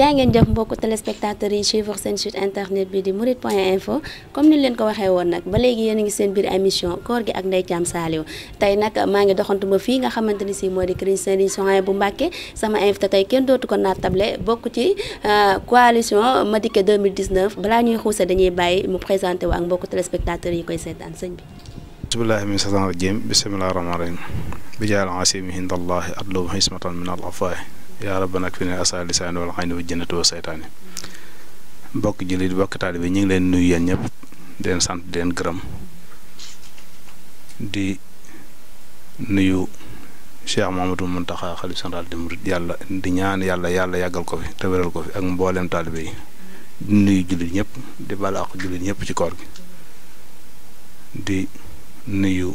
yaa ngeen jëf mbokk téléspectateurs yi suivre seen site internet bi di murit point info comme ni leen ko waxee woon nag ba léegi yéen ngi seen biir émission koor gi ak Ndeye Thiam Saliou tey nag maa ngi doxantu ba fii nga xamante ni si moo di Kër Serigne Souhaïbou bu Mbàkke sama te tey kenn dootu ko naatable bokk ci euh, coalition Madické 2019 balaa ñuy xuuse dañuy bàyyi mu présenté wu ak mbokku téléspectateurs yi koy seetaan sëñ bi bismillahi min satan rajim bismillahi rahmani rahim bi jaal asim hindallahi adlum hismatan min al afwahi yaa ba nag fi ne asa lisaani wala xañ ne wu jënatoo saytaane bokk jullit bokk taalibe ñu ngi leen nuyu yéen ñëpp di leen sant di leen gërëm di nuyu Cheikh Mamadou Mountakha xalif central di murid yàlla di ñaan yàlla yàlla yàggal ko fi te ko fi ak mboolem taalibe yi di nuyu jullit ñëpp di bal jullit ñëpp ci koor gi di nuyu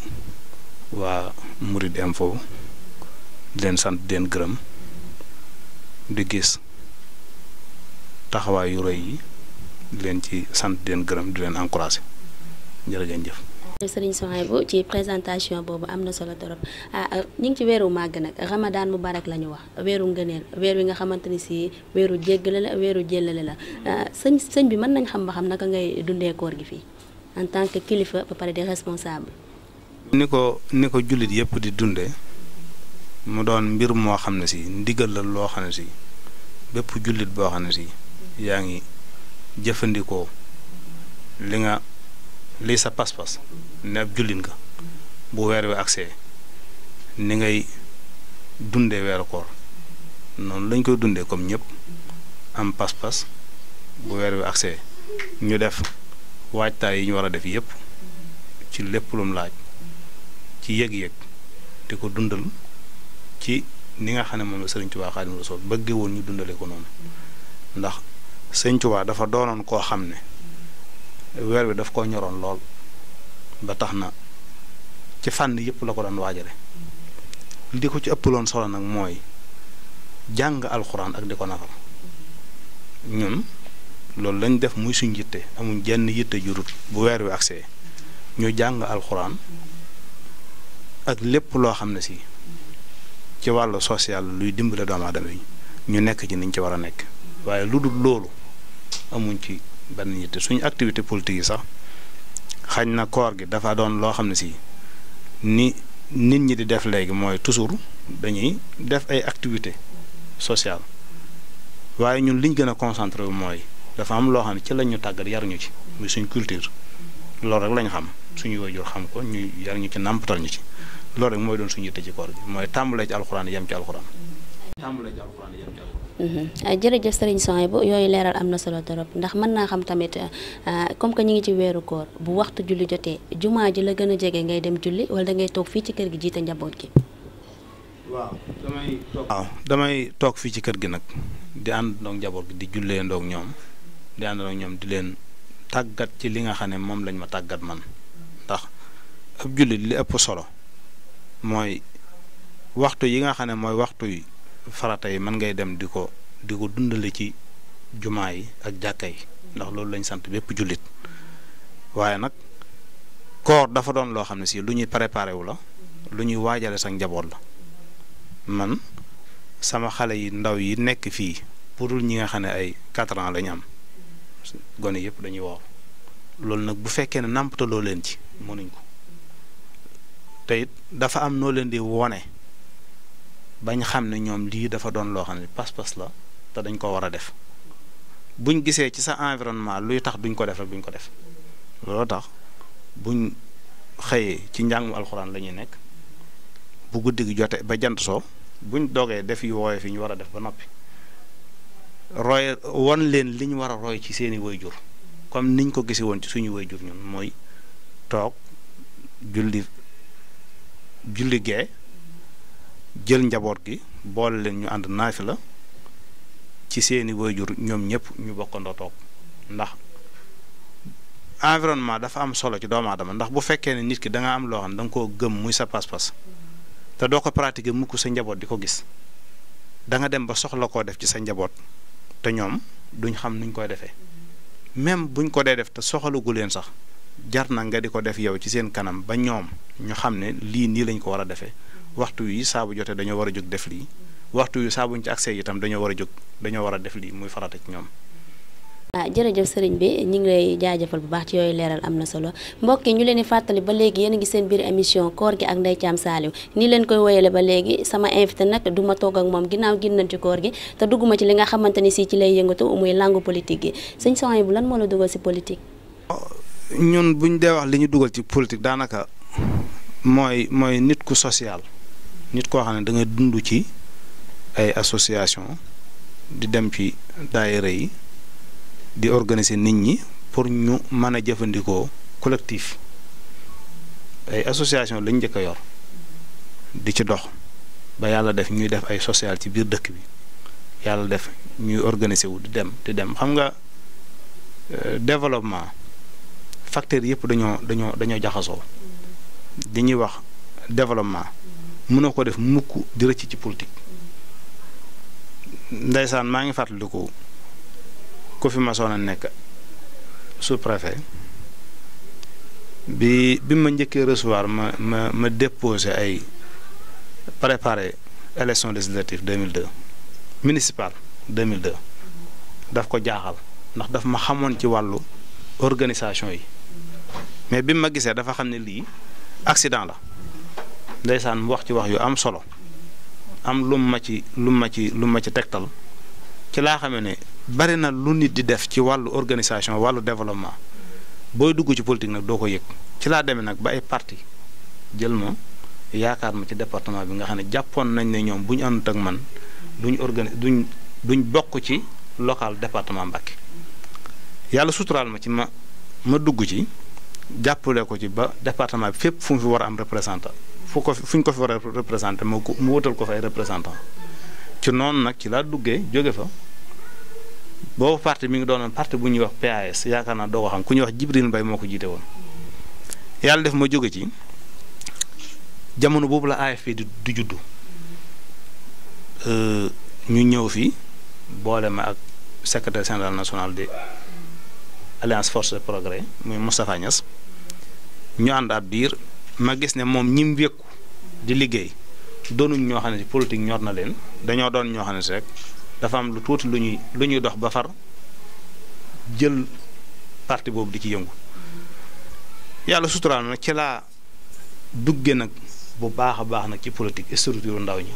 waa Mouride Info di leen sant den leen gërëm di gis taxawaay yu yi di leen ci sant di gërëm di leen encouragé jërëjëf jëf sëriñ Souhaïbou ci présentation boobu am na solo torop ah, ah ñu ngi ci weeru màgg nag ramadan mubarak la ñu wax weeru ngëneel weer wi nga xamante ni si weeru jéggale la weeru jëllale la ah, sëñ sëñ bi mën nañ xam ba xam naka ngay dundee koor gi fii en tant que kilifa ba pare di responsable. ni ko ni ko jullit yëpp di dunde mu doon mbir moo xam ne si ndigal la loo xam ne si bépp jullit boo xam ne si yaa ngi jëfandikoo li nga li sa pas-pas ne ab jullit nga bu weer wi aksee ni ngay dundee weeru koor noonu lañ koy dundee comme ñëpp am pas-pas bu weer wi agsee ñu def waajtaay yi ñu war a def yëpp ci lépp laaj ci yëg-yëg di ko dundal ci ni nga xam ne moom la sëriñ Tuubaa Xaadimu Rasuul bëggee woon ñu dundale ko noonu ndax sëriñ Tuubaa dafa doonoon koo xam ne weer wi daf koo ñoroon lool ba tax na ci fànn yëpp la ko daan waajale li ko ci ëppaloon solo nag mooy jàng alxuraan ak di ko nafar ñun loolu lañ def muy suñ yitte amuñ jenn yitte jurut bu weer wi ñu jàng alxuraan ak lépp loo xam ne si ci wàllu social luy dimbale doomu aadama yi ñu nekk ci niñ ci war a nekk waaye lu dul loolu amuñ ci benn yitte suñu activité politique yi sax xañ na koor gi dafa doon loo xam ne si ni nit ñi di def léegi mooy toujours dañuy def ay activité social waaye ñun liñ gën a concentré wu mooy dafa am loo xam ne ci lañ ñu tàggat yar ñu ci muy suñ culture loolu rek lañu xam suñu waajur xam ko ñu yar ñu ci nàmpatal ñu ci loolu mooy doon suñu yitte ci koor gi mooy tàmbalee ci alxuraan yem ci alxuraan. tàmbalee ci alxuraan yem ci alxuraan. Mhm. yooyu leeral am na solo torop ndax mën naa xam tamit euh, comme que ñu ngi ci weeru koor bu waxtu julli jotee jumaa ji la gën a jege ngay dem julli wala da toog fii ci kër gi jiite njaboot damay toog fii ci kër gi nag di ànd ndoog njaboot gi di jullee ndoog ñoom di ànd ndoog ñoom di leen tàggat ci li nga xam ne moom lañ ma tàggat man ndax ab julli li ëpp solo mooy waxtu yi nga xam ne mooy waxtu yi farata yi man ngay dem di ko di ko dundale ci jumaa yi ak jàkka yi ndax loolu lañ sant bépp jullit waaye nag koor dafa doon loo xam ne si lu ñuy préparé wu la lu ñuy waajale sax njaboot la man sama xale yi ndaw yi nekk fii pour ñi nga xam ne ay quatre ans lañ am gone yëpp dañuy woor loolu nag bu fekkee ne nàmpataloo leen ci mënuñ ko te it dafa am noo leen di wone bañ xam ne ñoom lii dafa doon loo xam ne pas-pas la te dañ koo war a def buñ gisee ci sa environnement luy tax duñ ko def rek duñ ko def looloo tax buñ xëyee ci njàngum alxuraan lañuy nekk bu guddi gi jote ba jant soo buñ dogee def yu wooye fi ñu war a def ba noppi roy won leen li ñu war a roy ci seeni waajur comme niñ ko gisee woon ci suñu jur ñun mooy toog julli julli gee jël njaboot gi boole leen ñu ànd naafi la ci seeni waajur ñoom ñëpp ñu bokkandoo ndax environnement dafa am solo ci doomu aadama ndax bu fekkee ne nit ki da nga am loo xam da nga koo gëm muy sa pas-pas te doo ko pratiquer mukk sa njaboot di ko gis da nga dem ba soxla koo def ci sa njaboot te ñoom duñ xam nuñ koy defee même buñ ko dee def te soxalugu leen sax. jar na nga di ko def yow ci seen kanam ba ñoom ñoo xam ne lii nii lañ ko war a defee waxtu yi saabu jotee dañoo war a jóg def lii waxtu yu saabu saabuñ ci accès itam dañoo war a jóg dañoo war a def lii muy farata ci ñoom. ah jërëjëf sëriñ bi ñu ngi lay jaajëfal bu baax ci yooyu leeral am na solo mbokk yi ñu leen di fàttali ba léegi yéen ngi seen biir émission koor gi ak Ndeye Thiam ni leen koy woyale ba léegi sama invité nag du ma toog moom ginnaaw gin nañ ci koor gi te dugguma ci li nga xamante ni si ci lay yëngatu muy langue politique gi sëñ Sohaybu bu lan moo la dugal si politique. Oh, ñun bu ñu dee wax li ñu dugal ci politique daanaka mooy mooy nit ku social nit koo xam ne da nga dund ci ay association di dem ci daayira yi di organiser nit ñi pour ñu mën a jëfandikoo collectif ay association lañ njëkk a yor di ci dox ba yàlla def ñuy def ay social ci biir dëkk bi yàlla def ñuy organiser wu di dem di dem xam nga euh, développement facteurs yëpp dañoo dañoo dañoo jaxasoo di ñuy wax développement mënoo ko def mukk di rëcc ci politique ndeysaan maa ngi fàttaliku ku fi masoon a nekk sous préfet bi bi ma njëkkee recevoir ma ma ma déposé ay préparé élection législative 2002 municipale 2002 daf ko jaaxal ndax daf ma xamoon ci wàllu organisation yi mais bi ma gisee dafa xam ne lii accident la ndeysaan mu wax ci wax yu am solo am lu ma ci lu ma ci lu ma ci tegtal ci laa xamee ne bari na lu nit di def ci wàllu organisation wàllu développement booy dugg ci politique nag doo ko yëg ci laa demee nag ba ay parti jël ma yaakaar ma ci département bi nga xam ne jàppoon nañ ne ñoom bu ñu àndut ak man duñ organi duñ duñ bokk ci local département Mbacké yàlla suturaal ma ci ma ma dugg ci. jàppale ko ci ba département bi fépp fu mu fi war a am représentant fu ko fu ñu ko fi war a représenté mu ko mu wutal ko fa ay représentant ci noonu nag ci laa duggee jóge fa boobu parti mi ngi doonoon parti bu ñuy wax PAS yaakaar naa doo ko xam ku ñuy wax Jibril Mbaye moo ko jiite woon yàlla def ma jóge ci jamono boobu la AFP di du juddu euh, ñu ñëw fi boole ma ak secrétaire général national de Alliance Force de Progrès muy Moustapha Niass ñu ànd ab diir ma gis ne moom ñim wékku di liggéey doonu ñoo xam ne si politique ñor na leen dañoo doon ñoo xam ne si rek dafa am lu tuuti lu ñuy lu ñuy dox ba far jël parti boobu di ci yëngu yàlla suturaal na ci laa dugge nag bu baax a baax nag ci politique structure ndaw ñi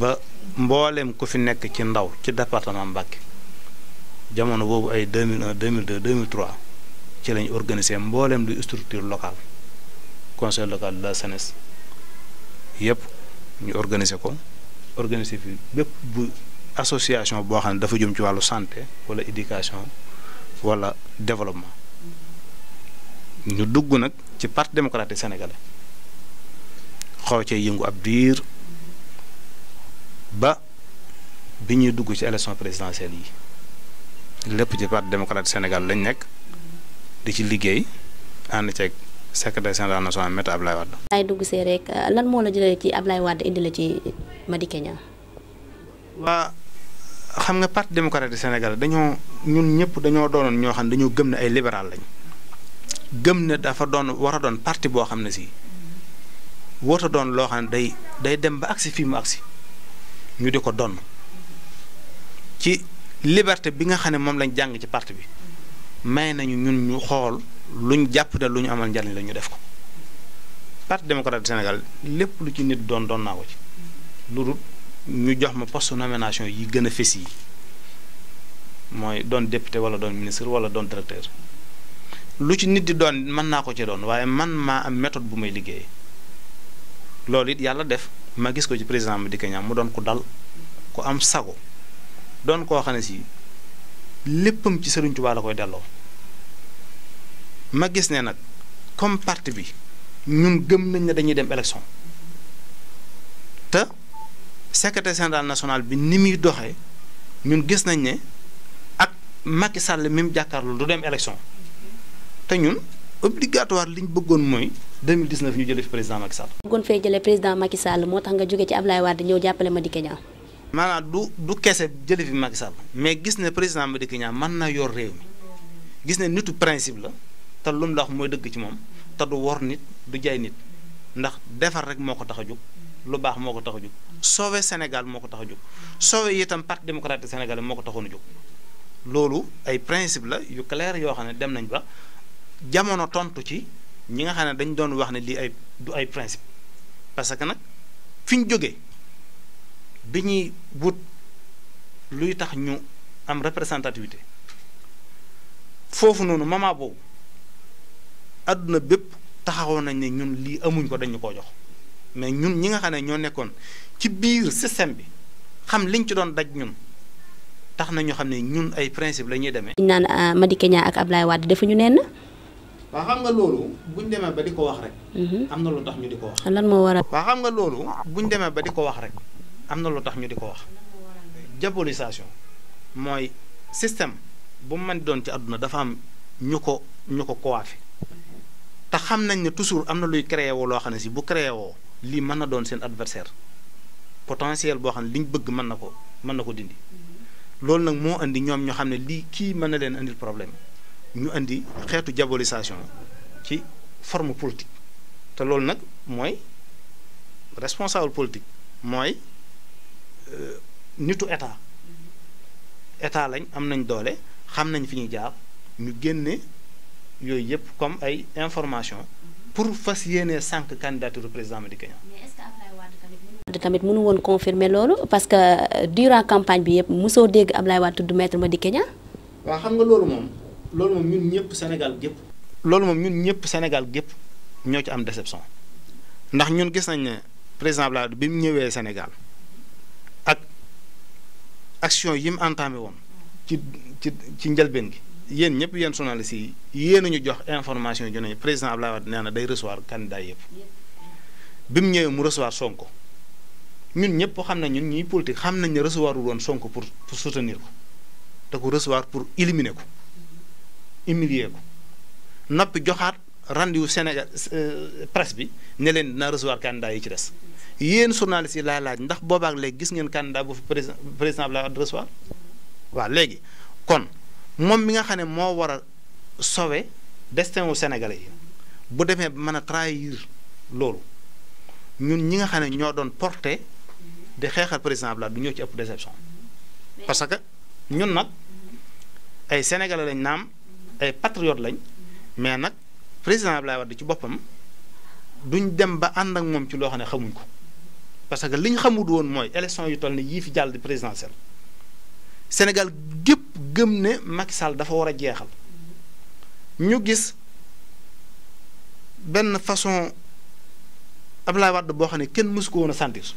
ba mboolem ku fi nekk ci ndaw ci département Mbacké jamono boobu ay 2001 2002 2003 ci lañ organisé. une structure locale conseil local de la SENES yëpp ñu organisé. ko organiser fi bu association qui a dafa santé wala éducation wala développement Nous dugg que le parti démocratique sénégalais xaw cee yëngu ba biñu nous dugg ci élection présidentielle yi lepp ci parti démocratique sénégal lañ nek di ci liggéey and ci secrétaire général national met ablay wad ay dugg sé rek lan mo la jëlé ci ablay wad indi la ci madi kenya wa xam nga parti démocratique Sénégal dañu ñun ñëpp dañu doon ñoo xam dañu gëm ne ay libéral lañ gëm ne dafa doon war doon parti bo xam ne si warut doon lo xam day day dem ba aksi fi mu aksi ñu diko doon ci liberté bi nga mom lañ jang ci parti bi. may nañu ñun ñu xool luñ jàpp da lu ñu amal njariñ la ñu def ko parti démocratique Sénégal lépp lu ci nit doon doon naa ko ci lu dul ñu jox ma poste nomination yi gën a fés yi mooy doon député wala doon ministre wala doon directeur lu ci nit di doon mën naa ko ci doon waaye man maa am méthode bu may liggéeyee loolu it yàlla def ma gis ko ci président bi di Kenya mu doon ku dal ku am sago doon koo xam si léppam ci Sëriñ Tuubaa la koy delloo ma gis ne nag comme parti bi ñun gëm nañ ne dañuy dem élection te secrétaire général national bi ni muy doxee ñun gis nañ ne ak Macky Sall mi mu jàkkaarloo du dem élection te ñun obligatoire liñ bëggoon mooy 2019 ñu jëlee fi président Macky Sall. bëggoon fee jëlee président Macky Sall moo tax nga jóge ci Ablaye Wade ñëw jàppale Madické Niang. maanaam du du kese jële fi Macky Sall mais gis ne président Madické Niang mën na yor réew mi gis ne nitu principe la te lu mu la wax mooy dëgg ci moom te du wor nit du jaay nit ndax defar rek moo ko tax a jóg lu baax moo ko tax a jóg soowee Sénégal moo ko tax a jóg sauver itam parti démocratique sénégalais moo ko tax a jóg loolu ay principe la yu clair yoo xam ne dem nañ ba jamono tontu ci ñi nga xam ne dañ doon wax ne lii ay du ay principe parce que nag fi ñu dañuy wut luy tax ñu am représentativité foofu noonu moment boobu àdduna bépp taxawoon nañ ne ñun lii amuñ ko dañu ko jox mais ñun ñi nga xam ne ñoo nekkoon ci biir système bi xam li ñu ci doon daj ñun tax nañu xam ne ñun ay principe la ñuy demee. ñu naan euh, Madické Niang ak Ablaye Wade defuñu nenn. waa xam nga loolu buñ demee ba di ko wax rek. Mhm. am na lu tax ñu di ko wax. lan moo waral. waa xam nga loolu buñ demee ba di ko wax rek. amna na lu tax ñu di wax diabolisation moy système bu mu mën doon ci aduna dafa am ñuko ñuko ñu ko coiffé xam ne toujours amna luy créer wo lo xamné ci bu créer wo li mëna doon seen adversaire potentiel bo xamné liñ bëgg mëna ko mëna ko dindi lool nak mo andi ñom ñu xamné li ki mëna leen andil problème ñu andi xeetu diabolisation ci forme politique te lool nak moy responsable politique moy Euh, nitu état mm-hmm. état lañ am nañ doole xam nañ fi ñuy jaar ñu génne yooyu yëpp comme ay information mm-hmm. pour fas yéene sànq candidature président ma Niang. mais tamit. tamit mënu woon confirmer loolu parce que euh, durant campagne bi yëpp mosoo dégg Abdoulaye Wade tudd ma di Niang. waaw xam nga loolu moom. loolu moom ñun ñëpp Sénégal gépp loolu moom ñun ñëpp Sénégal gépp ñoo ci am déception ndax ñun gis nañ ne président Abdoulaye bi mu ñëwee Sénégal. action yi mu entamé woon ci ci ci njëlbeen gi yéen ñëpp yéen journalistes yi yéen ñu jox information yi ne président Abdoulaye Wade nee na day recevoir candidat yëpp mu ñëwee mu recevoir Sonko ñun ñëpp xam nañ ñu ñuy politique xam nañ ne recevoir wu doon Sonko pour pour soutenir ko te ko recevoir pour éliminer ko humilier ko noppi joxaat rendez-vous Sénégal euh, presse bi ne leen dinaa recevoir candidat yi ci des. yéen journaliste yi laay laaj ndax boobaak léegi gis ngeen candidat bu fi président président Abdoulaye Wade recevoir waaw léegi kon moom mi nga xam ne moo war a sauver destin wu Sénégalais yi bu demee mën a trahir loolu ñun ñi nga xam ne ñoo doon porté di xeexal président Abdoulaye du ñëw ci ëpp déception parce que ñun nag ay sénégalais lañ naam ay patriotes lañ mais nag président Abdoulaye Wade ci boppam duñ dem ba ànd ak moom ci loo xam ne xamuñ ko. parce que li ñu xamut woon mooy élection yu toll ni yii fi jàll di présidentiel Sénégal gépp gëm ne Macky Sall dafa war a jeexal ñu gis benn façon ab Abdoulaye Wade boo xam ne kenn mësu ko woon a sentir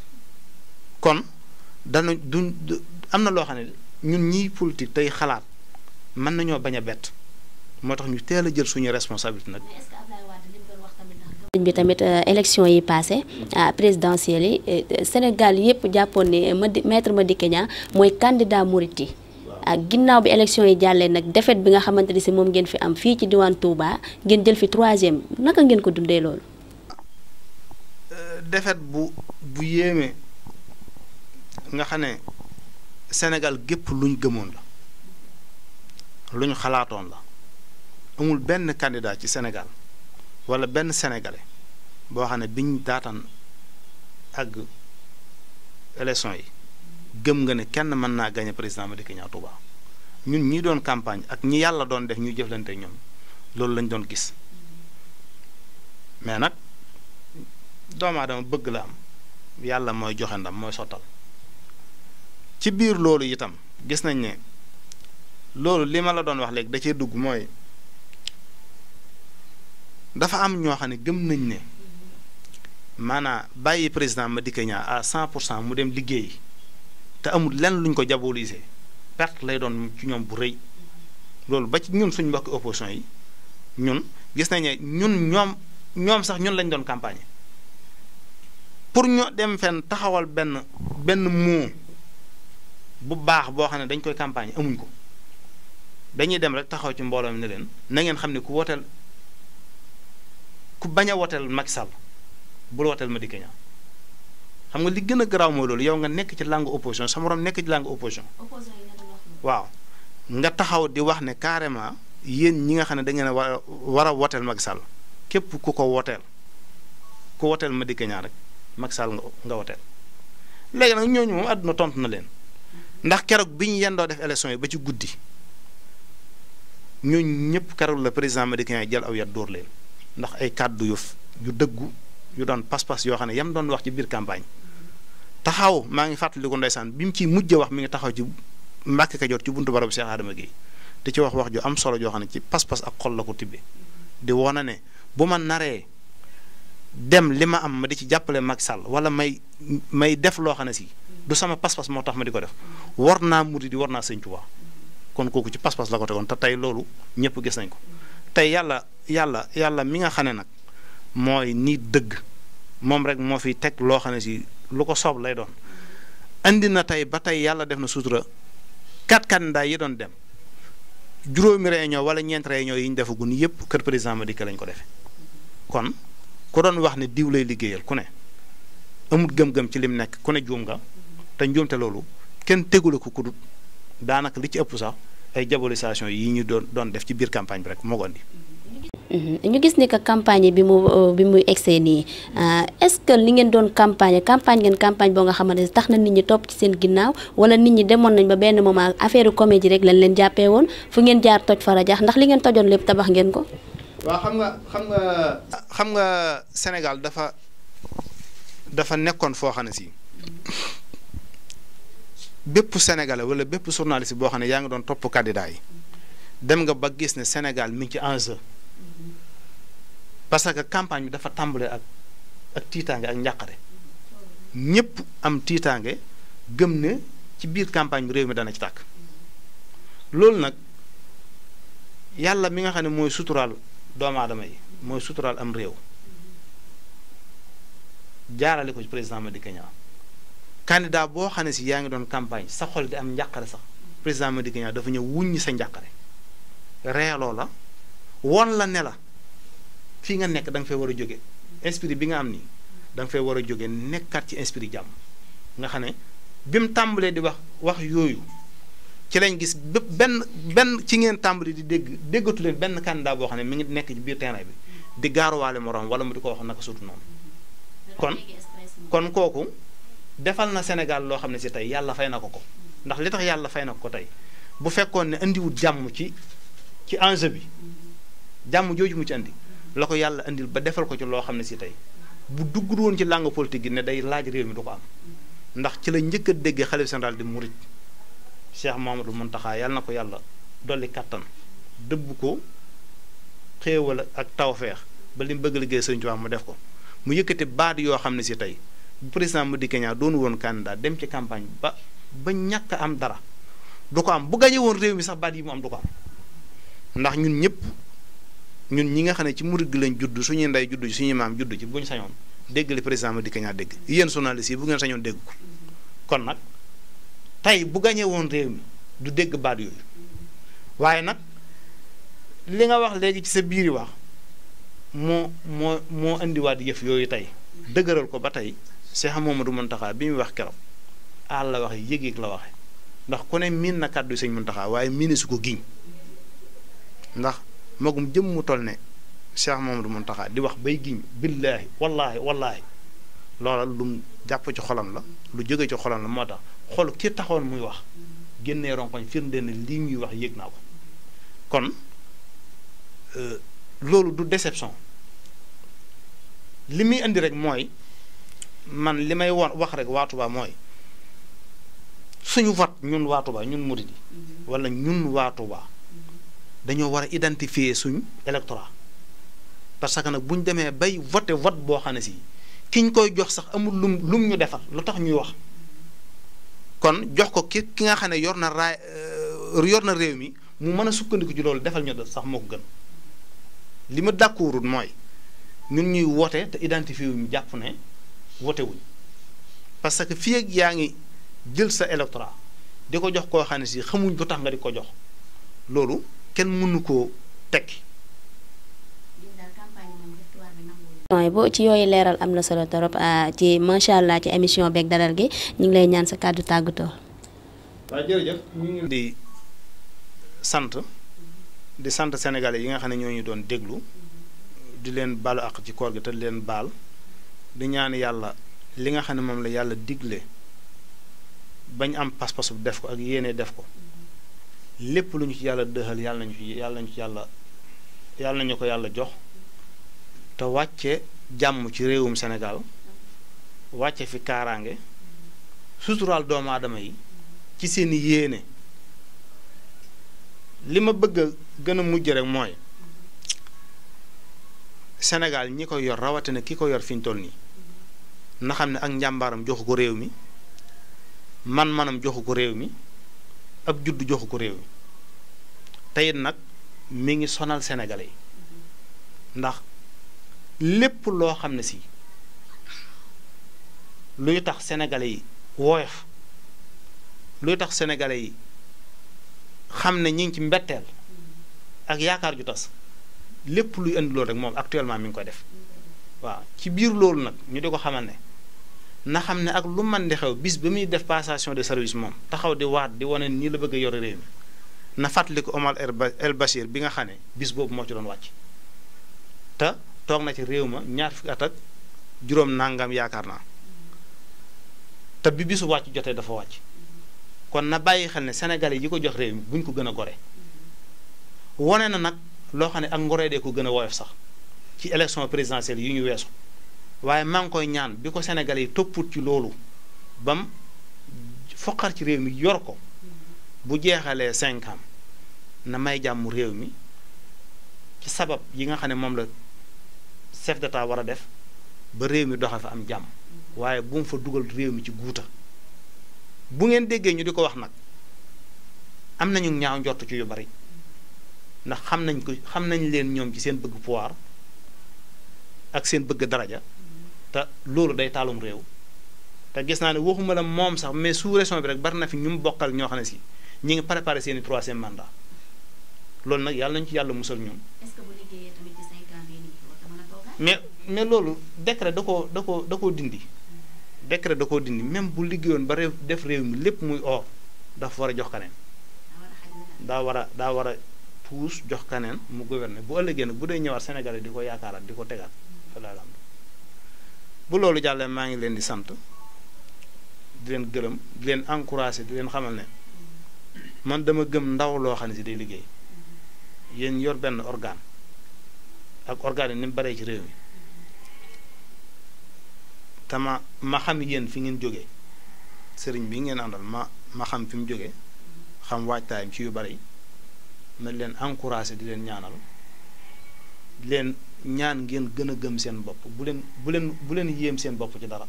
kon dana duñ am na loo xam ne ñun ñiy politique tey xalaat mën nañoo bañ a bett moo tax ñu teel a jël suñu responsabilité nag. bi tamit euh, élection yi passé présidentielle yi euh, Sénégal yépp japoné maître Madické Niang moy candidat mouriti yi bi élection yi jallé nak défaite bi nga xamanteni ci mom ngeen fi am fi ci diwan Touba ngeen jël fi 3e naka ngeen ko dundé lool euh, défaite bu bu yéme nga xané Sénégal gépp luñ gëmon la luñ xalaatoon la amul ben candidat ci Sénégal wala benn sénégalais boo xam ne biñ daataan ak élection yi gëm nga ne kenn mën naa gañe président Madické Niang Touba ñun ñi doon campagne ak ñi yàlla doon def ñuy jëflante ak ñoom loolu lañ doon gis mais nag doomu aadama bëgg la am yàlla mooy joxe ndam mooy sottal ci biir loolu itam gis nañ ne loolu li ma la doon wax léegi da cee dugg mooy dafa am ñoo xam ne gëm nañ ne maanaa bàyyi président Madické Niang à cent pour cent mu dem liggéey te amul lenn luñ ko diaboliser pert lay doon ci ñoom bu rëy loolu ba ci ñun suñ mbokki opposition yi ñun gis nañ ne ñun ñoom ñoom sax ñun lañ doon campagne pour ñu dem fenn taxawal benn benn mot bu baax boo xam ne dañ koy campagne amuñ ko dañuy dem rek taxaw ci mbooloo mi ne leen na xam ne ku wooteel ku bañ a woteel Macky Sall bul woteel Madické Niang xam nga li gën a garaaw mooy loolu yow nga nekk ci langue opposition sa morom nekk ci langue opposition. waaw nga taxaw di wax ne carrément yéen ñi nga xam ne da ngeen a war a war a woteel Macky képp ku ko woteel ku woteel Madické Niang rek Macky nga nga woteel léegi nag ñooñu moom àdduna tontu na leen ndax keroog bi ñu yendoo def élection yi ba ci guddi ñooñu ñëpp keroog la président Madické Niang jël aw yat dóor leen. ndax ay kàddu yu yu dëggu yu doon pas-pas yoo xam ne yam doon wax ci biir campagne taxaw maa ngi fàttaliku ndeysaan bi mu ciy mujj wax mi ngi taxaw ci Mbàkke Kajoor ci buntu barabu Cheikh Adama Guèye di ci wax wax ju am solo joo xam ne ci pas-pas ak xol la ko tibbee di wona ne bu ma naree dem li ma am ma di ci jàppale mag Sall wala may may def loo xam ne si du sama pas moo tax ma di ko def war naa mu di war naa Sëñ Tuubaa kon kooku ci pas-pas la ko te loolu ñëpp gis nañ ko yàlla yàlla mi nga xam ne nag mooy nit dëgg moom rek moo fi teg loo xam ne si lu ko soob lay doon indi na tey ba tey yàlla def na sutura quatre candidats yi doon dem juróomi réunion wala ñeent ñoo yi ñu nii yëpp kër président Madické lañ ko defee kon ku doon wax ne diw lay liggéeyal ku ne amut gëm-gëm ci lim nekk ku ne juum nga te njuumte loolu kenn tegule ko kudut daanaka li ci ëpp sax ay diabolisation yi ñu doon doon def ci biir campagne bi rek Mhm. ñu gis ni que campagne bi mu euh, bi muy egsee nii euh, est-ce que li ngeen doon campagne campagne ngeen campagne boo nga xamante ne tax na nit ñi topp ci seen ginnaaw wala nit ñi demoon nañ ba benn moment affaire comédie rek lañ leen jàppee woon fu ngeen jaar toj farajax ndax li ngeen tojoon lépp tabax ngeen ko. waa xam nga xam nga xam nga Sénégal dafa dafa nekkoon foo xam ne si bépp sénégalais wala bépp si boo xam ne yaa ngi doon topp candidat yi dem nga ba gis ne Sénégal mi ci enjeu. parce que campagne bi dafa tàmbale ak ak tiitaange ak njàqare ñëpp am tiitaange gëm ne ci biir campagne bi réew mi dana ci tàkk loolu nag yàlla mi nga xam ne mooy suturaal doomu aadama yi mooy suturaal am réew jaarale ko ci président Madické Niang candidat boo xam ne si yaa ngi doon campagne sa xol di am njàqare sax président Madické Niang dafa ñëw wuññi sa njàqare reeloo la woon la ne la fii nga nekk da nga fay war a jóge esprit bi nga am nii danga nga fay war a jóge nekkaat ci esprit jàmm nga xam ne bi mu tàmbalee di wax wax yooyu ci lañ gis bépp benn benn ci ngeen tàmbali di dégg déggatu leen benn kàndaa boo xam ne mi ngi nekk ci biir terrain bi di gaaruwaale moroom wala mu di ko wax naka suutu noonu kon kon kooku defal na Sénégal loo xam ne si tey yàlla fay na ko ko ndax li tax yàlla fay na ko tey bu fekkoon ne indiwut jàmm ci ci enjeu bi jàmm jooju mu ci la ko yàlla indil ba defal ko ci loo xam ne si tey bu duggul woon ci langue politique gi ne day laaj réew mi du ko am ndax ci la njëkk dégg a déggee xalif général di murit Cheikh Mamadou Muntaxa yàlla na ko yàlla dolli kattan dëbb ko xéewal ak tawfeex ba li mu bëgg liggéey Sëriñ Tuubaa mu def ko mu yëkkati baat yoo xam ne si tey bu président Madické Niang doonu woon candidat dem ci campagne ba ba ñàkk am dara du ko am bu gañe réew mi sax baat yi mu am du ko am ndax ñun ñëpp. ñun ñi nga xam ne ci mu gi lañ judd suñu nday juddu ci suñuy maam juddu ci buñ sañoon dégg li président ma dikka ñaa dégg yéen journaliste yi bu ngeen sañoon dégg ko kon nag tey bu gañee woon réew mi du dégg baat yooyu waaye nag li nga wax léegi ci sa biir wax moo moo moo indiwaat yëf yooyu tey dëgëral ko ba tey Cheikh Mamadou Mountakha bi muy wax keroog àll la waxe yëg-yëg la waxe ndax ku ne miin na kàddu sëñ Mountakha waaye miine su ko magum jëm mu toll ne du Mamadou taxaa di wax bay giñ billaahi wallaahi wallaahi loola lum jàpp ci xolam la lu jóge ci xolam la moo tax xol ki taxoon muy wax génnee ronkoñ firnde ne lii ñuy wax yéeg naa ko kon euh, loolu du déception li muy indi rek mooy man li may won wax rek waa mooy suñu wat ñun waa Touba ñun murid yi mm-hmm. wala ñun waa dañoo war a identifier suñ électorat parce que nag bu ñu demee bay voté vote boo xam ne si ki ñu koy jox sax amul lu lum ñu defar lu tax ñuy wax kon jox ko ki ki nga xam ne yor na raay euh, yor na réew mi mu mën a sukkandiku ci loolu defal ñu def sax moo ko gën li ma d'accordul mooy ñun ñuy woote te identifié wuñu jàpp ne woote parce que fii yaa ngi jël sa électorat di ko jox koo xam si xamuñ bu tax nga di ko jox loolu. kenn mënu koo tekki. bo ci yooyu leeral am na solo torop ah, ci macha allah ci émission beeg dalal gi ñu ngi lay ñaan sa kàddu tàggatoo. di sant di sant sénégalais yi nga xam ne ñoo ñu doon déglu di leen baalu ak ci koor gi te leen baal di ñaan yàlla li nga xam ne moom la yàlla digle bañ am pas-pasu def ko ak yéene def ko. lépp lu ñu ci yàlla dëxal yàlla nañu ci ci yàlla yàlla nañu ko yàlla jox te wàcce jàmm ci réewum Sénégal wàcce fi kaaraange suturaal doomu aadama yi ci seen yéene li ma bëgg a gën a mujj rek mooy Sénégal ñi ko yor rawatina ki ko yor fi toll nii na xam ne ak njàmbaaram joxu ko réew mi man-manam joxu ko réew mi ab juddu joxu ko réew mi tey nag mi ngi sonal sénégalais yi ndax lépp loo xam ne si luy tax sénégalais yi woyof luy tax sénégalais yi xam ne ñi ngi ci mbetteel ak yaakaar ju tas lépp luy indi loolu rek moom actuellement mi ngi koy def waaw ci biir loolu nag ñu di ko xamal ne na xam ne ak lu man di xew bis ba muy def passation de service moom taxaw di waat di wane nii la bëgg yore réew mi na fàttali ko Omar El Bachir bi nga xam ne bis boobu moo ci doon wàcc te toog na ci réew ma ñaar fukki at ak juróom nàngam yaakaar naa te bi bisu wàcc jotee dafa wàcc kon na bàyyi xel ne sénégalais yi ko jox réew mi buñ ko gën a gore wone na nag loo xam ne ak ngoree dee ko gën a woyof sax ci élection présidentielle yi ñu weesu waaye maa ngi koy ñaan bi ko Sénégalais yi topput ci loolu bam foqar ci réew mi yor ko bu jeexalee cinq ans na may jàmm réew mi ci sabab yi nga xam ne moom la chef d'état war a def ba réew mi doxa fa am jàmm waaye bu mu fa dugal réew mi ci guuta bu ngeen déggee ñu di ko wax nag am nañu ñaaw njort ci yu bari ndax xam nañ ko xam nañ leen ñoom ci seen bëgg pouvoir ak seen bëgg daraja te loolu day taalum réew te gis naa ne waxuma la moom sax mais sous région bi rek bari na fi ñu mu bokkal ñoo xam ne si ñu ngi préparé seen i troisième loolu nag yàlla nañu ci yàlla musal ñun. est-ce mais mais loolu décret da koo da koo da koo dindi hmm. décret da koo dindi même bu liggéeyoon ba réew def réew mi lépp muy or dafa war a jox kaneen daa war a daa war a puus jox kaneen mu gouverner bu ëllëgee nag bu dee ñëwaat Sénégal di ko yaakaaraat di ko tegaat. Hmm. bu loolu jàllee maa ngi leen di sant di leen gërëm di leen encouragé di leen xamal ne man dama gëm ndaw loo xam ne si day liggéey yéen yor benn organe ak organe yi ni mu baree ci réew mi te ma ma xam yéen fi ngeen jóge sëriñ bi ngeen àndal ma ma xam fi mu jógee xam waajtaayam ci yu bari ma leen encouragé di leen ñaanal. leen ñaan ngeen gën a gëm seen bopp bu leen bu leen bu yéem seen bopp ci dara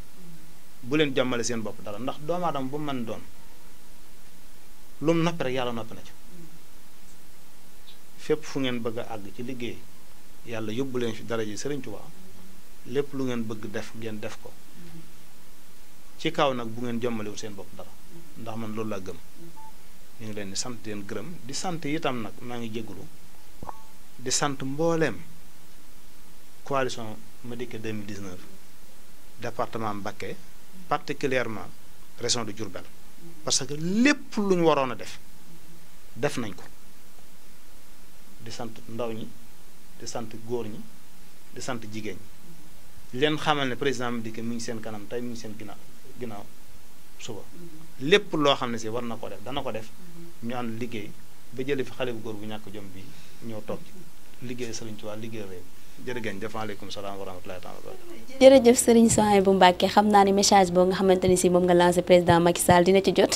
bu leen jàmmale seen bopp dara ndax doomaatam aadama bu mën doon lu mu noppi rek yàlla noppi na ci fépp fu ngeen bëgg a àgg ci liggéey yàlla yóbbu leen fi dara ji Sëriñ Tuubaa lépp lu ngeen bëgg def ngeen def ko ci kaw nag bu ngeen jàmmalewul seen bopp dara ndax man loolu laa gëm ñu ngi leen di sant leen gërëm di sant itam nag maa ngi jégalu di sant mbooleem. coalition Madické 2019 département Mbacké particulièrement région de Diourbel parce que lépp lu waroon a def def nañ ko di sant ndaw ñi di sant góor ñi di sant jigéen ñi leen xamal ne président Madické mi ngi seen kanam tey mu ngi seen ginnaaw ginnaaw suba lépp loo xam ne si war na ko def dana ko def ñu ànd liggéey ba jële fi xale bu góor bu ñàkk jom bi ñoo toog liggéey Sëriñ waa liggéey réew jërëgéen jëf maaleykum salaam wa rahmatullahi taala jërëjëf bu Mbacke xam naa ni message boo nga xamante ni si moom nga lancé président Macky Sall dina ci jot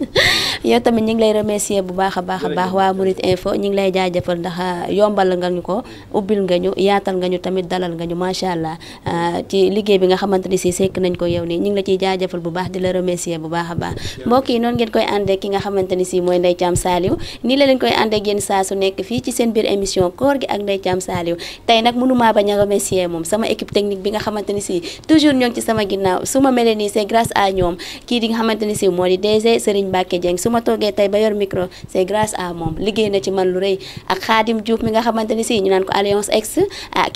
yow tamit ñu ngi lay remercier bu baax a baax a baax waa Mouride Info ñu ngi lay jaajëfal ndax ah, yombal nga ñu ko ubbil nga ñu yaatal nga ñu tamit dalal nga ñu macha allah ah, ci bi nga xamante ni si sekk nañ ko yow nii ñu ngi la ciy jaajëfal bu baax di la remercier bu baax a baax mbokk yi noonu ngeen koy àndee ki nga xamante ni si mooy Ndeye Thiam Saliou nii la leen koy àndee ak saa su nekk fii ci seen biir émission koor gi ak Ndeye Thiam Saliou tey nag mënumaa bañ a remercier moom sama équipe technique bi nga xamante ni si toujours ñoo ci sama ginnaaw su ma melee nii c'est grâce à ñoom kii di nga xamante ni si moo di DG Serigne Mbacke Dieng su ma toogee tey ba yor micro c'est grâce à moom na ci man si ñu ah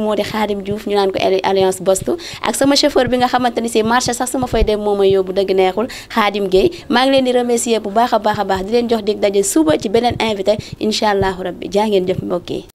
moo di Khadim Diouf ñu naan ko Alliance Bostu ak sama chauffeur bi nga xamante ni si marché sax su ma fay dem moo may yóbbu dëgg neexul Khadim bu baax a baax a baax di leen jox dig daje suba ci beneen invité incha allahu rabbi jaa ngeen jëf mbokk